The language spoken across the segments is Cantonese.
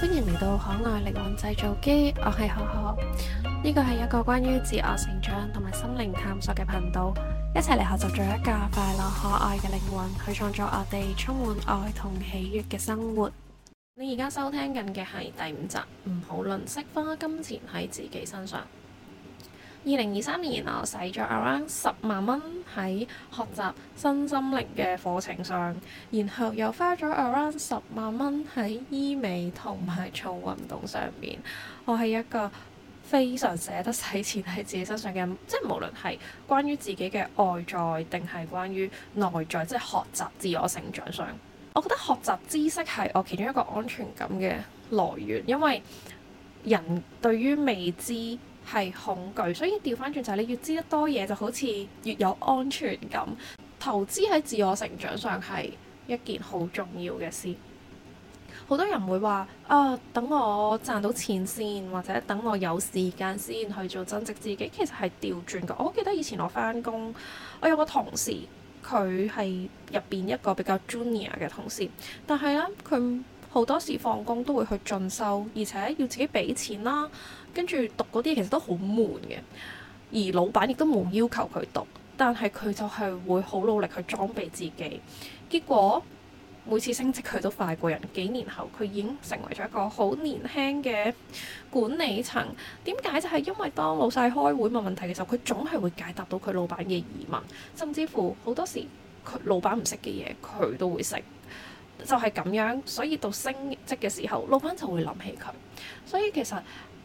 歡迎嚟到可愛靈魂製造機，我係可可，呢個係一個關於自我成長同埋心靈探索嘅頻道，一齊嚟學習做一架快樂可愛嘅靈魂，去創造我哋充滿愛同喜悅嘅生活。你而家收聽緊嘅係第五集，唔好吝嗇花金錢喺自己身上。二零二三年，我使咗 around 十萬蚊喺學習身心靈嘅課程上，然後又花咗 around 十萬蚊喺醫美同埋做運動上面。我係一個非常捨得使錢喺自己身上嘅，即係無論係關於自己嘅外在定係關於內在，即係學習自我成長上。我覺得學習知識係我其中一個安全感嘅來源，因為人對於未知係恐懼，所以調翻轉就係你越知得多嘢，就好似越有安全感。投資喺自我成長上係一件好重要嘅事。好多人會話啊，等我賺到錢先，或者等我有時間先去做增值自己。其實係調轉嘅。我記得以前我翻工，我有個同事，佢係入邊一個比較 junior 嘅同事，但係咧佢好多時放工都會去進修，而且要自己俾錢啦。跟住讀嗰啲其實都好悶嘅，而老闆亦都冇要求佢讀，但係佢就係會好努力去裝備自己。結果每次升職，佢都快過人。幾年後，佢已經成為咗一個好年輕嘅管理層。點解就係因為當老細開會問問題嘅時候，佢總係會解答到佢老闆嘅疑問，甚至乎好多時佢老闆唔識嘅嘢，佢都會識。就係咁樣，所以到升職嘅時候，老闆就會諗起佢。所以其實，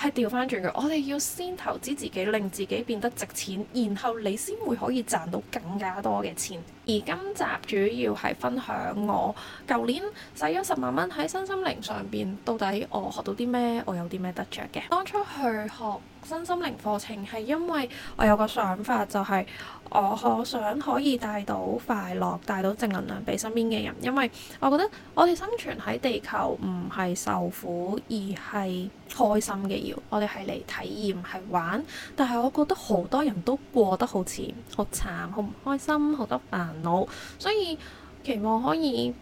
係掉返轉嘅，我哋要先投資自己，令自己變得值錢，然後你先會可以賺到更加多嘅錢。而今集主要係分享我舊年使咗十萬蚊喺身心靈上邊，到底我學到啲咩？我有啲咩得着嘅？當初去學身心靈課程係因為我有個想法，就係、是、我想可以帶到快樂，帶到正能量俾身邊嘅人。因為我覺得我哋生存喺地球唔係受苦，而係開心嘅。要我哋係嚟體驗，係玩。但係我覺得好多人都過得好慘，好慘，好唔開心，好多煩腦，所以期望可以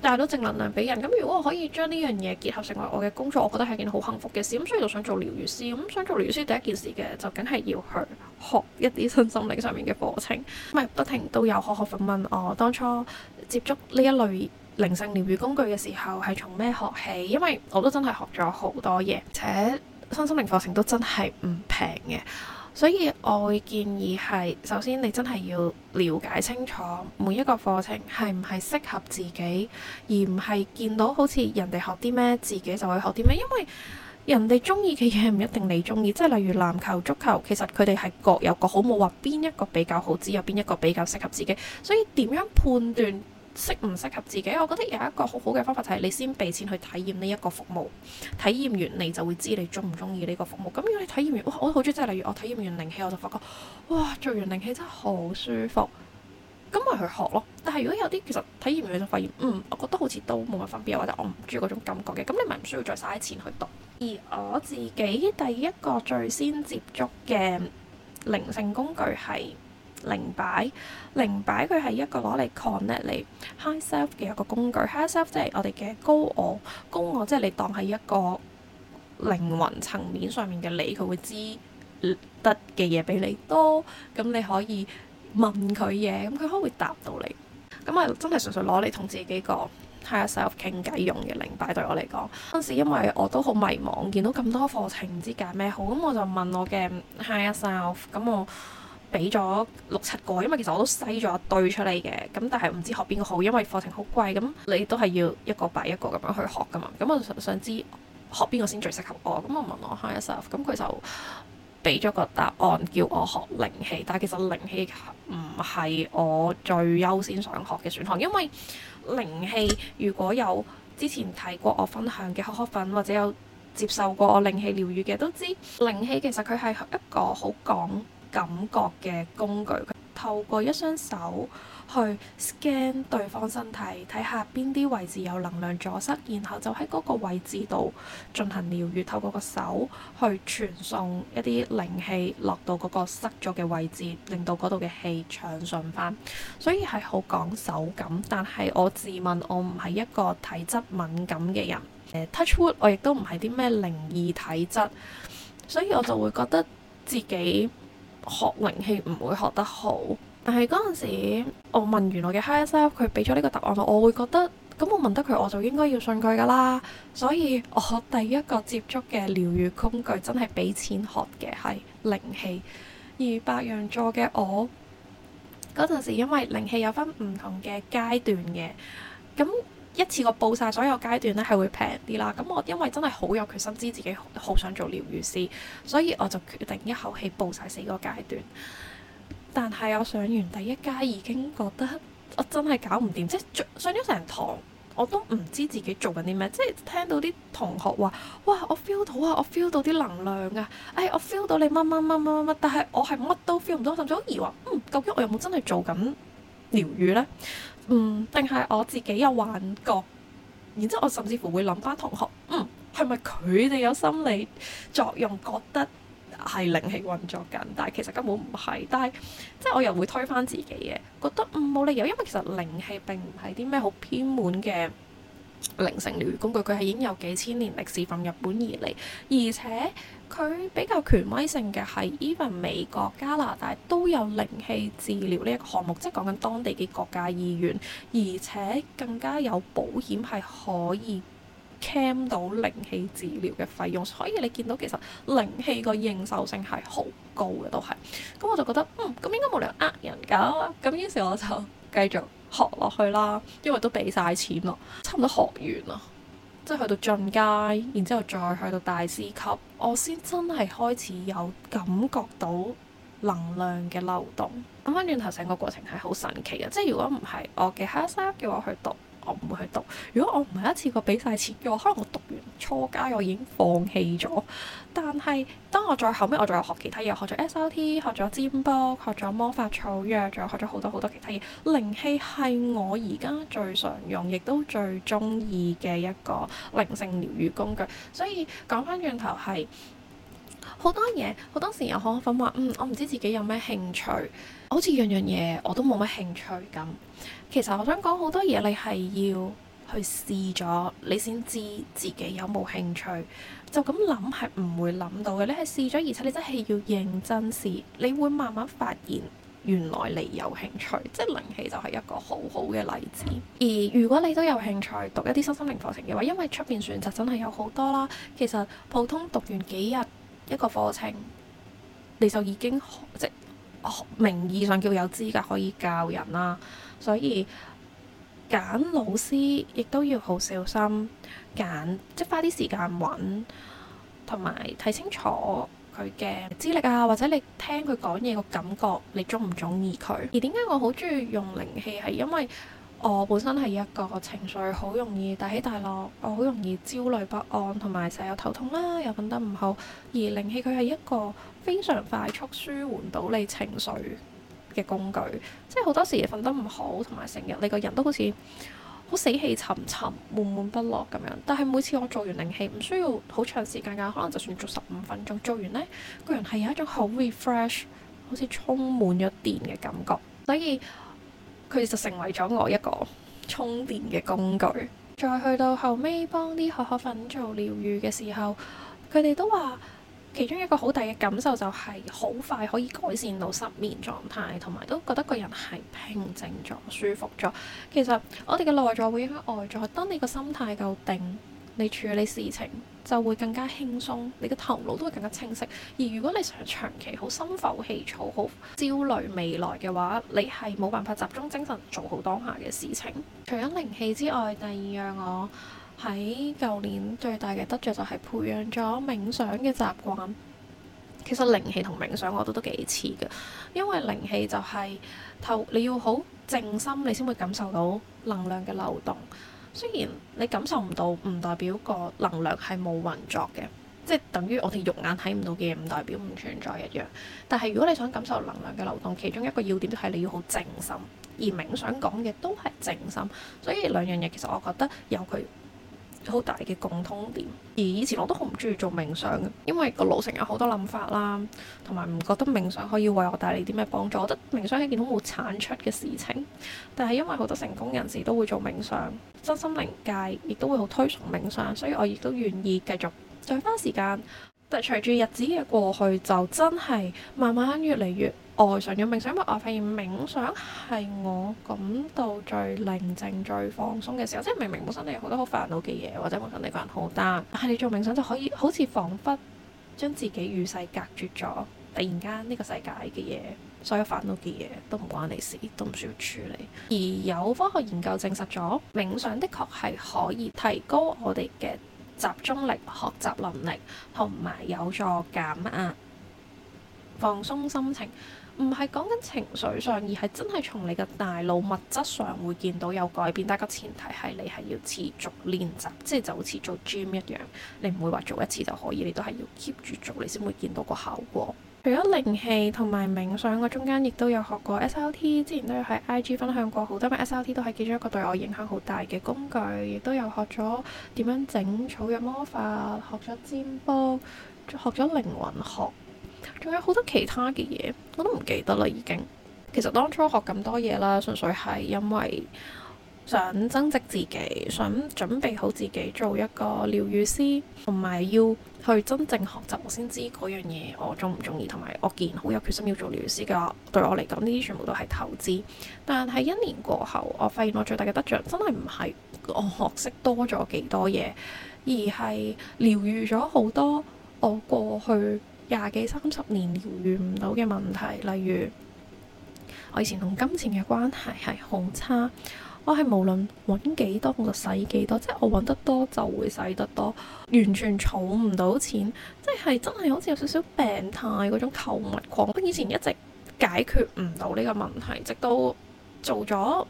帶到正能量俾人。咁如果我可以將呢樣嘢結合成為我嘅工作，我覺得係件好幸福嘅事。咁、嗯、所以就想做療癒師。咁、嗯、想做療癒師，第一件事嘅就梗係要去學一啲身心靈上面嘅課程。咪不停都有學學問問我當初接觸呢一類靈性療癒工具嘅時候係從咩學起？因為我都真係學咗好多嘢，而且身心靈課程都真係唔平嘅。所以我會建議係，首先你真係要了解清楚每一個課程係唔係適合自己，而唔係見到好似人哋學啲咩，自己就會學啲咩。因為人哋中意嘅嘢唔一定你中意，即係例如籃球、足球，其實佢哋係各有各好，冇話邊一個比較好，只有邊一個比較適合自己。所以點樣判斷？適唔適合自己？我覺得有一個好好嘅方法就係你先俾錢去體驗呢一個服務，體驗完你就會知你中唔中意呢個服務。咁如果你體驗完，哇我我好中意，即係例如我體驗完靈氣，我就發覺哇，做完靈氣真係好舒服，咁咪去學咯。但係如果有啲其實體驗完就發現，嗯，我覺得好似都冇乜分別，或者我唔中意嗰種感覺嘅，咁你咪唔需要再嘥錢去讀。而我自己第一個最先接觸嘅靈性工具係，靈擺，靈擺佢係一個攞嚟 connect 你 higher self 嘅一個工具。higher self 即係我哋嘅高我，高我即係你當係一個靈魂層面上面嘅你，佢會知得嘅嘢比你多。咁你可以問佢嘢，咁佢可能會答到你。咁啊，真係純粹攞嚟同自己個 higher self 傾偈用嘅靈擺。對我嚟講，嗰陣時因為我都好迷茫，見到咁多課程唔知揀咩好，咁我就問我嘅 higher self，咁我。俾咗六七個，因為其實我都篩咗一堆出嚟嘅，咁但係唔知學邊個好，因為課程好貴，咁你都係要一個擺一個咁樣去學㗎嘛。咁我就想知學邊個先最適合我，咁我問我 higher self 咁佢就俾咗個答案叫我學靈氣，但係其實靈氣唔係我最優先想學嘅選項，因為靈氣如果有之前睇過我分享嘅可可粉，或者有接受過我靈氣療癒嘅都知，靈氣其實佢係一個好廣。感覺嘅工具，透過一雙手去 scan 對方身體，睇下邊啲位置有能量阻塞，然後就喺嗰個位置度進行療愈，透過個手去傳送一啲靈氣落到嗰個塞咗嘅位置，令到嗰度嘅氣暢順返。所以係好講手感，但係我自問我唔係一個體質敏感嘅人。呃，touch wood，我亦都唔係啲咩靈異體質，所以我就會覺得自己學靈氣唔會學得好，但係嗰陣時我問原來嘅 higher self 佢俾咗呢個答案我我會覺得咁我問得佢我就應該要信佢噶啦，所以我第一個接觸嘅療愈工具真係俾錢學嘅係靈氣，而白羊座嘅我嗰陣時因為靈氣有分唔同嘅階段嘅咁。一次過報晒所有階段咧，係會平啲啦。咁我因為真係好有決心，知自己好想做療愈師，所以我就決定一口氣報晒四個階段。但係我上完第一階已經覺得我真係搞唔掂，即係上咗成堂我都唔知自己做緊啲咩。即係聽到啲同學話：「哇，我 feel 到啊，我 feel 到啲能量啊，哎，我 feel 到你乜乜乜乜乜。但係我係乜都 feel 唔到，甚至好疑惑，嗯，究竟我有冇真係做緊療愈呢？」嗯，定係我自己有幻覺，然之後我甚至乎會諗翻同學，嗯，係咪佢哋有心理作用覺得係靈氣運作緊，但係其實根本唔係，但係即係我又會推翻自己嘅，覺得嗯，冇理由，因為其實靈氣並唔係啲咩好偏門嘅靈性療愈工具，佢係已經有幾千年歷史，從日本而嚟，而且。佢比較權威性嘅係，even 美國、加拿大都有靈氣治療呢一個項目，即係講緊當地嘅國家醫院，而且更加有保險係可以 cam 到靈氣治療嘅費用，所以你見到其實靈氣個認受性係好高嘅都係，咁我就覺得嗯咁應該冇理由呃人㗎，咁於是我就繼續學落去啦，因為都俾晒錢啦，差唔多學完啦。即係去到進階，然之後再去到大師級，我先真係開始有感覺到能量嘅流動。諗返轉頭，成個過程係好神奇嘅。即係如果唔係我嘅先生叫我去讀。我唔會去讀。如果我唔係一次過俾晒錢嘅話，可能我讀完初階，我已經放棄咗。但係當我再後尾，我仲有學其他嘢，學咗 SRT，學咗占卜，學咗魔法草藥，仲有學咗好多好多其他嘢。靈氣係我而家最常用，亦都最鍾意嘅一個靈性療癒工具。所以講返轉頭係。好多嘢，好多時有可可粉話，嗯，我唔知自己有咩興趣，好似樣樣嘢我都冇乜興趣咁。其實我想講好多嘢，你係要去試咗，你先知自己有冇興趣。就咁諗係唔會諗到嘅。你係試咗，而且你真係要認真試，你會慢慢發現原來你有興趣。即係靈氣就係一個好好嘅例子。而如果你都有興趣讀一啲身心靈課程嘅話，因為出邊選擇真係有好多啦。其實普通讀完幾日一個課程，你就已經即名義上叫有資格可以教人啦，所以揀老師亦都要好小心，揀即花啲時間揾，同埋睇清楚佢嘅資歷啊，或者你聽佢講嘢個感覺，你鍾唔鍾意佢？而點解我好鍾意用靈氣，係因為，我本身係一個情緒好容易大起大落，我好容易焦慮不安，同埋成日有頭痛啦，又瞓得唔好。而靈氣佢係一個非常快速舒緩到你情緒嘅工具，即係好多時瞓得唔好，同埋成日你個人都好似好死氣沉沉、悶悶不樂咁樣。但係每次我做完靈氣，唔需要好長時間㗎，可能就算做十五分鐘，做完呢個人係有一種好 refresh，好似充滿咗電嘅感覺。所以佢就成為咗我一個充電嘅工具。再去到後尾幫啲學學粉做療愈嘅時候，佢哋都話，其中一個好大嘅感受就係好快可以改善到失眠狀態，同埋都覺得個人係平靜咗、舒服咗。其實我哋嘅內在會影響外在。當你個心態夠定，你處理事情就會更加輕鬆，你嘅頭腦都會更加清晰。而如果你想長期好心浮氣躁、好焦慮未來嘅話，你係冇辦法集中精神做好當下嘅事情。除咗靈氣之外，第二樣我喺舊年最大嘅得着就係培養咗冥想嘅習慣。其實靈氣同冥想我覺得都幾似嘅，因為靈氣就係、係、透你要好靜心，你先會感受到能量嘅流動。雖然你感受唔到，唔代表個能量係冇運作嘅，即係等於我哋肉眼睇唔到嘅嘢唔代表唔存在一樣。但係如果你想感受能量嘅流動，其中一個要點都係你要好靜心，而冥想講嘅都係靜心。所以兩樣嘢其實我覺得有佢好大嘅共通點，而以前我都好唔中意做冥想，因為個腦成日有好多諗法啦，同埋唔覺得冥想可以為我帶嚟啲咩幫助。我覺得冥想係一件好冇產出嘅事情。但係因為好多成功人士都會做冥想，身心靈界亦都會好推崇冥想，所以我亦都願意繼續再花時間，但係隨住日子嘅過去，就真係慢慢越嚟越。愛上咗冥想，因為我發現冥想係我感到最寧靜、最放鬆嘅時候。即係明明本身你有好多好煩惱嘅嘢，或者本身你個人好單，但係你做冥想就可以好似彷彿將自己與世隔絕咗。突然間呢個世界嘅嘢，所有煩惱嘅嘢都唔關你事，都唔需要處理。而有科學研究證實咗，冥想的確係可以提高我哋嘅集中力、學習能力，同埋有助減壓、放鬆心情。唔係講緊情緒上，而係真係從你嘅大腦物質上會見到有改變。但係個前提係你係要持續練習，即係就好似做 gym 一樣，你唔會話做一次就可以，你都係要 keep 住做，你先會見到個效果。除咗靈氣同埋冥想，我中間亦都有學過 SRT，之前都有喺 IG 分享過好多嘅 SRT，都係其中一個對我影響好大嘅工具。亦都有學咗點樣整草藥魔法，學咗占卜，學咗靈魂學。仲有好多其他嘅嘢，我都唔記得啦。已經其實當初學咁多嘢啦，純粹係因為想增值自己，想準備好自己做一個療愈師，同埋要去真正學習。我先知嗰樣嘢我鍾唔鍾意，同埋我既然好有決心要做療愈師嘅話，對我嚟講呢啲全部都係投資。但係一年過後，我發現我最大嘅得著真係唔係我學識多咗幾多嘢，而係療愈咗好多我過去。廿幾三十年療愈唔到嘅問題，例如我以前同金錢嘅關係係好差，我係無論揾幾多我就使幾多，即係我揾得多就會使得多，完全儲唔到錢，即係真係好似有少少病態嗰種購物狂，我以前一直解決唔到呢個問題，直到做咗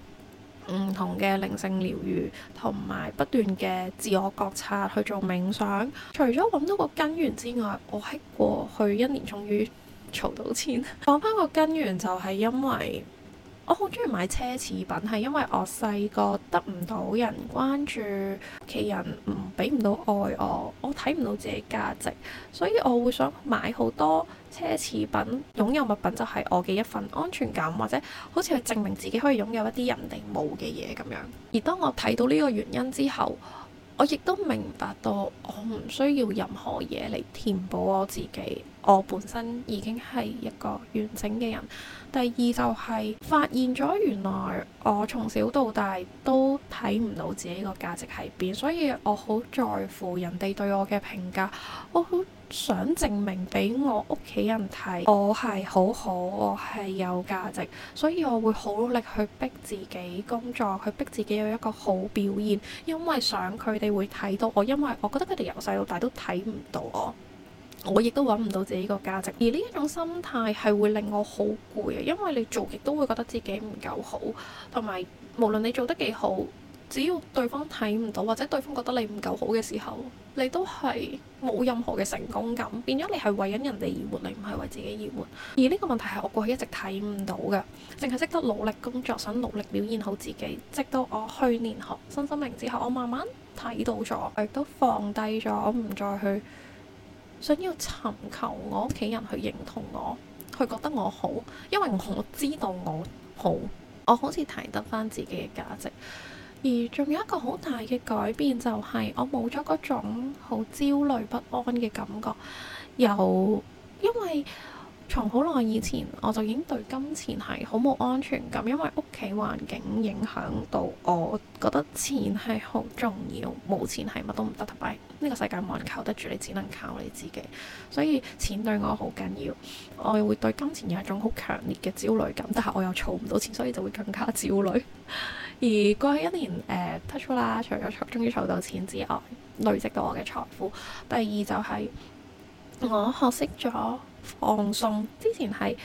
唔同嘅靈性療愈，同埋不斷嘅自我覺察去做冥想。除咗揾到個根源之外，我喺過去一年終於儲到錢。講 翻個根源就係因為，我好中意買奢侈品，係因為我細個得唔到人關注，屋企人唔俾唔到愛我，我睇唔到自己價值，所以我會想買好多奢侈品，擁有物品就係我嘅一份安全感，或者好似係證明自己可以擁有一啲人哋冇嘅嘢咁樣。而當我睇到呢個原因之後，我亦都明白到我唔需要任何嘢嚟填補我自己。我本身已經係一個完整嘅人。第二就係、是、發現咗原來我從小到大都睇唔到自己個價值喺邊，所以我好在乎人哋對我嘅評價。我好想證明俾我屋企人睇，我係好好，我係有價值，所以我會好努力去逼自己工作，去逼自己有一個好表現，因為想佢哋會睇到我，因為我覺得佢哋由細到大都睇唔到我。我亦都揾唔到自己個價值，而呢一種心態係會令我好攰啊！因為你做極都會覺得自己唔夠好，同埋無論你做得幾好，只要對方睇唔到或者對方覺得你唔夠好嘅時候，你都係冇任何嘅成功感，變咗你係為緊人哋而活，你唔係為自己而活。而呢個問題係我過去一直睇唔到嘅，淨係識得努力工作，想努力表現好自己。直到我去年學身心靈之後，我慢慢睇到咗，亦都放低咗，我唔再去。想要尋求我屋企人去認同我，佢覺得我好，因為我知道我好，我好似提得返自己嘅價值。而仲有一個好大嘅改變就係、是、我冇咗嗰種好焦慮不安嘅感覺，又因為。從好耐以前，我就已經對金錢係好冇安全感，因為屋企環境影響到我覺得錢係好重要，冇錢係乜都唔得。同埋呢個世界冇人靠得住，你只能靠你自己，所以錢對我好緊要。我會對金錢有一種好強烈嘅焦慮感，但係我又儲唔到錢，所以就會更加焦慮。而過去一年誒，touch 啦，除咗儲，終於儲到錢之外，累積到我嘅財富。第二就係、是、我學識咗。放鬆，之前係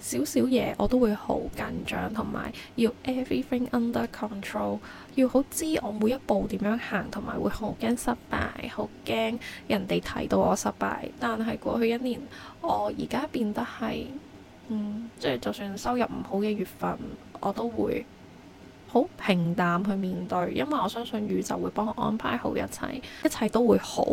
少少嘢我都會好緊張，同埋要 everything under control，要好知我每一步點樣行，同埋會好驚失敗，好驚人哋睇到我失敗。但係過去一年，我而家變得係，嗯，即係就算收入唔好嘅月份，我都會好平淡去面對，因為我相信宇宙會幫我安排好一切，一切都會好。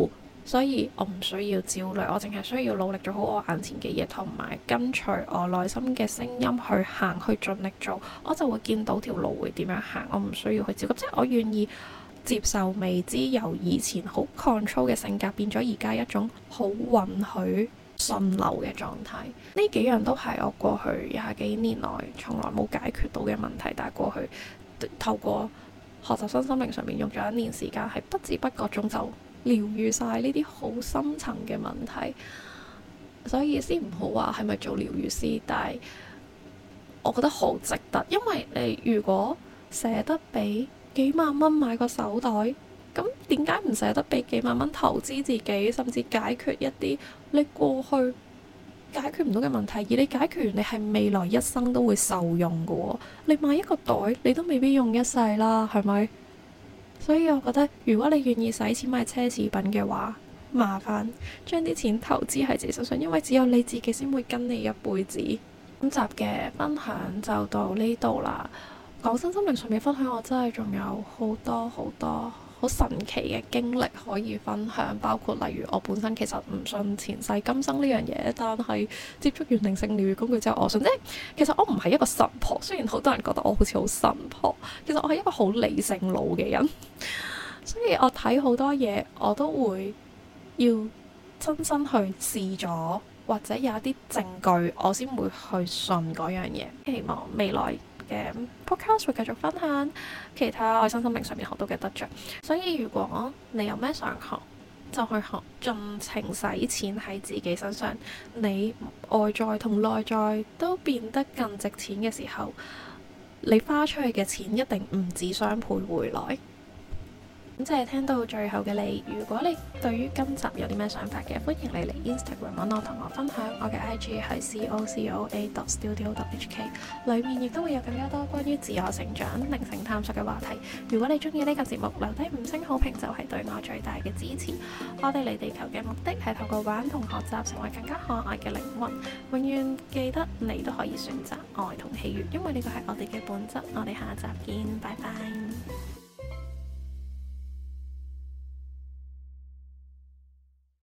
所以我唔需要焦慮，我淨係需要努力做好我眼前嘅嘢，同埋跟隨我內心嘅聲音去行，去盡力做，我就會見到條路會點樣行。我唔需要去照，即係我願意接受未知。由以前好抗 o 嘅性格變咗而家一種好允許順流嘅狀態。呢幾樣都係我過去廿幾年從來從來冇解決到嘅問題，但係過去透過學習新心靈上面用咗一年時間，係不知不覺中就～療癒晒呢啲好深層嘅問題，所以意思唔好話係咪做療癒師，但係我覺得好值得，因為你如果捨得俾幾萬蚊買個手袋，咁點解唔捨得俾幾萬蚊投資自己，甚至解決一啲你過去解決唔到嘅問題？而你解決完，你係未來一生都會受用嘅喎。你買一個袋，你都未必用一世啦，係咪？所以，我覺得如果你願意使錢買奢侈品嘅話，麻煩將啲錢投資喺自己身上，因為只有你自己先會跟你一輩子。今集嘅分享就到呢度啦。講真，心靈上面分享我真係仲有好多好多。好神奇嘅經歷可以分享，包括例如我本身其實唔信前世今生呢樣嘢，但係接觸完靈性療癒工具之後，我信。即係其實我唔係一個神婆，雖然好多人覺得我好似好神婆，其實我係一個好理性腦嘅人。所以我睇好多嘢，我都會要親身去試咗，或者有一啲證據，我先會去信嗰樣嘢。希望未來嘅 podcast 會繼續分享其他身心靈生命上面學到嘅得着，所以如果你有咩想學，就去學，盡情使錢喺自己身上，你外在同內在都變得更值錢嘅時候，你花出去嘅錢一定唔止雙倍回來。咁就係聽到最後嘅你，如果你對於今集有啲咩想法嘅，歡迎你嚟 Instagram 揾我同我分享，我嘅 IG 係 C O C O A dot studio dot H K。裏面亦都會有更加多關於自我成長、靈性探索嘅話題。如果你中意呢個節目，留低五星好評就係對我最大嘅支持。我哋嚟地球嘅目的係透過玩同學習成為更加可愛嘅靈魂。永遠記得，你都可以選擇愛同喜悅，因為呢個係我哋嘅本質。我哋下集見，拜拜。